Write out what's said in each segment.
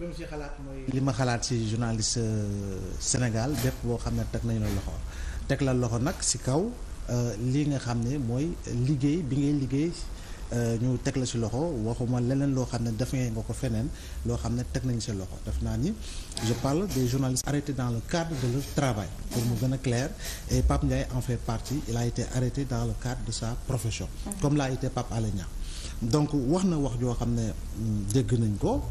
lu mu ci xalaat li ma xalaat ci journaliste euh, Sénégal bépp boo xam ne teg nañu la loxo teg la loxo nag ci kaw euh, lii nga xam ne mooy liggéey bi ngay liggéey. Euh, ñu teg la ci loxo waxuma leneen loo xam ne def nga ko feneen loo xam ne teg nañu see loxo def naa ni je parle des journalistes arrêtés dans le cadre de leur travail pour mu gën a clair et pap Ndiaye en fait partie il a été arrêté dans le cadre de sa profession mm-hmm. comme l'a été Pape Alé Niang donc wax na wax joo xam ne mm, dégg nañ ko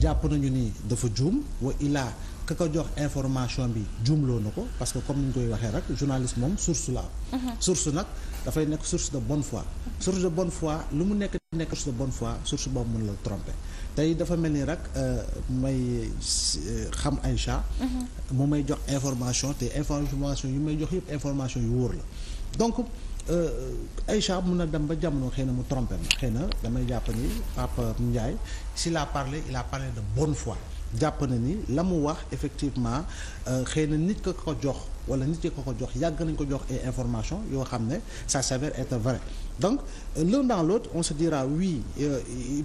jàpp nañu ni dafa juum wa ilaa ka ko jox information bi juumloo na ko parce que comme ni ñu koy waxee rek journaliste moom source la mhm. source nag dafay nekk source de bonne fois source de bonne foi lu mu nekk nekk source de bonne foi source boobu mën la tromper tey dafa mel ni rek euh, may euh, xam Aïcha mhm. mu may jox information te information yu may jox yëpp information yu wóor la Euh, Aïcha mun na dem ba jamono xëy na mu trompé ma xëy na damay jàpp ni Papa Ndiaye s'il la parlé il a parlé de bonne foi jàpp na ni la mu wax effectivement euh, xëy na nit ka ko jox wala nit ki ko ko jox yàgg nañ ko jox ay information yoo xam ne ça s'avère être vrai donc euh, l'un dans l'autre on se dira oui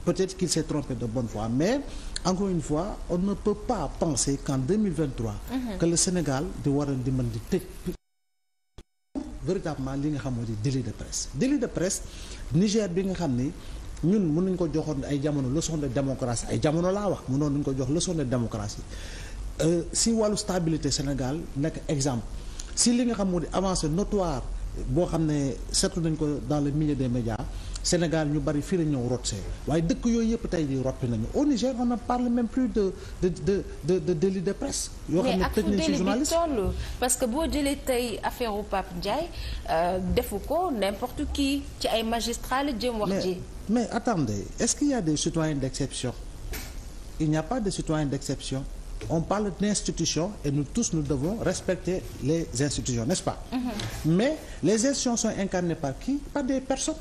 peut-être qu'il s'est trompé de bon fois mais encore une fois on ne peut pas penser qu'en 2023 mm-hmm. que Sénégal di war a di di tëj véritablement li nga xam moo di délit de presse délit de presse Niger bi nga xam ni ñun mun nañ ko joxoon ay jamono leçon de démocratie ay jamono laa wax mënoon nañ ko jox leçon de démocratie euh, si wàllu stabilité Sénégal nekk exemple si li nga xam moo di avancée notoire boo xam ne seetlu nañ ko dans le milieu des médias Sénégal ñu bari fii la ñëw waaye dëkk yooyu yëpp tey di rotti nañu au Niger on ne parle même plus de de de de presse. yoo xam ne tëj nañ parce que boo jëlee tey affaire u Pape Ndiaye euh, defu ko n'importe qui ci ay magistrat la jëm wax ji. mais attendez est-ce qu'il y a des citoyens d'exception il n'y a pas de citoyens d'exception on parle d'institutions et nous tous nous devons respecter les institutions n'est-ce pas mm-hmm. mais les institutions sont incarnées des personnes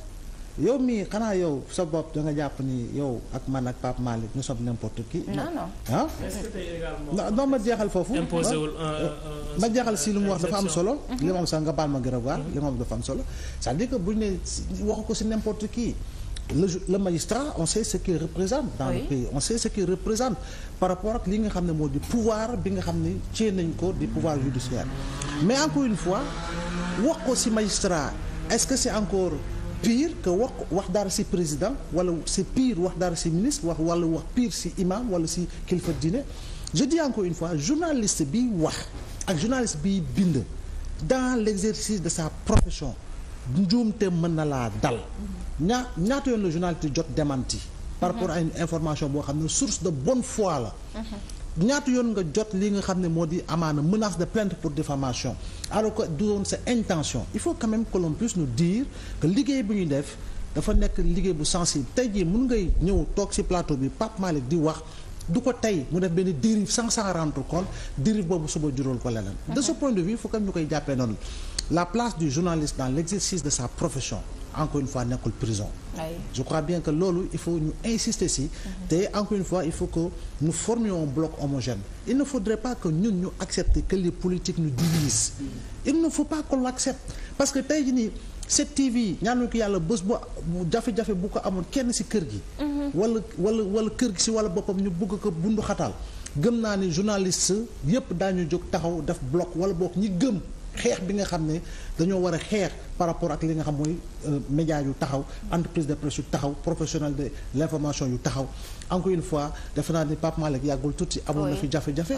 yow mii xanaa yow sa bopp da nga jàpp ni yow ak man ak Pape Malick nous sommes n'importe qui. non non ah? ma jeexal foofu. imposé wul ah? ma jeexal si lu mu wax dafa am solo. Mhm. li ma am sax nga baal ma gërëwaar li ma am dafa am solo. c'est-à-dire que buñ ne waxu ko si n'importe qui le le magistrat on sait ce qu'il représente. dans le pays on sait ce qu'il représente par rapport ak li nga xam ne moo di pouvoir bi nga xam ne cee nañ ko di pouvoir judiciaire mais encore une fois wax ko si magistrat est-ce que c'est encore. pire que wax wax daar si président wala c'est pire wax dara si ministre wax wala wax pire ci imam wala ci kilifa diine je encore une fois journaliste bi wax ak journaliste bi bind dans l'exercice de sa profession njuumte mën na laa dal ñaa ñaata yoon la journaliste jot démenti par rapport à une information boo xam ne source de bonne foi la mhm. ñaata yoon nga jot li nga xam ne moo di amaana menace de plainte pour diffamation alors que du doon sa intention il faut quand même que l'on puisse nous dire que liggéey bi ñu def dafa nekk liggéey bu sensible tey jii mun ngay ñëw toog ci plateau bi Pape di wax du ko tey mu def benn dérive sans s'en rendre compte dérive boobu suba jural ko leneen. de ce point de vue il faut ñu koy jàppee noonu la place du journaliste dans l'exercice de sa profession. encore une fois nekkul prison je crois bien que loolu il faut ñu insister si mhm. te encore une fois il faut ko nous formions un bloc homogène il ne faudrait ñun ñu accepter que les politiques nous divisent mhm. il ne faut pas qu'on l'accepte parce que tey jii nii cette TV ñaanuñu ko yàlla bés bu jafe-jafe bu ko amoon kenn si kër gi mhm. wala wala wala kër gi si wala boppam ñu bugg ko bunduxataal xataal gëm naa ni journaliste yépp daañu jóg taxaw def bloc wala boog ñi gëm xeex bi nga xam ne dañoo war a xeex par rapport ak li nga xam mooy euh, média yu taxaw entreprise de presse yu taxaw professionnel de l' information yu taxaw encore une fois defe naa ni Pape yàggul tuuti amoon na fi jafe-jafe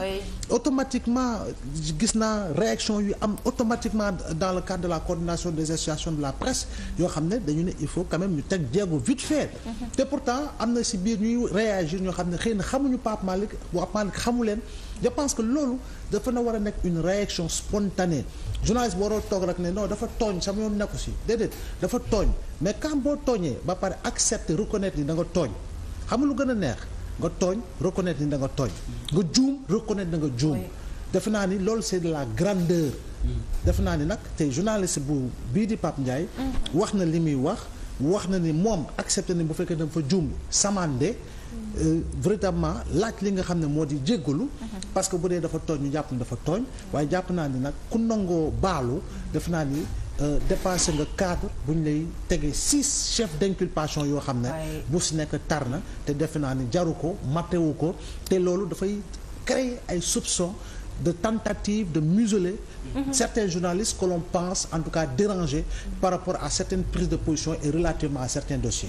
gis naa réaction yu am automatiquement dans le cadre la coordination des associations de la presse yoo xam ne dañu ne il faut quand même teg jéego vite fait mm-hmm. te pourtant am na si biir ñuy réagir ñoo xam ne xëy na xamuñu Pape Malick Pape xamu leen je pense que loolu dafa na war a nekk une réaction spontanée journaliste waroo toog rek ne noo dafa tooñ sama yoon nekku si déedéet dafa tooñ mais quand boo tooñee ba pare ak accepter reconnaître ni da nga tooñ xam lu gën a neex nga tooñ reconnaître ni da nga tooñ nga juum reconnaître da nga juum defe naa ni loolu c'est de la grandeur mm. defe naa ni nag te journaliste bu bii di Pape Ndiaye mm. wax na li muy wax wax na ni moom accepté ni bu fekkee dafa jumb samande euh, véritablement laaj li nga xam ne moo di jéggalu parce que bu dee dafa tooñ ñu jàpp ne dafa tooñ waaye jàpp naa ni nag ku nangoo baalu def naa ni euh, dépassé nga cadre bu ñu lay tegee six chefs d'inculpation yoo xam ne bu si nekk tar na te defe naa ni jaru ko mattewu ko te loolu dafay créer ay soupçons de tentatives de museler mm -hmm. certains journalistes que l'on pense en tout cas dérangés par rapport à certaines prises de position et relativement à certains dossiers.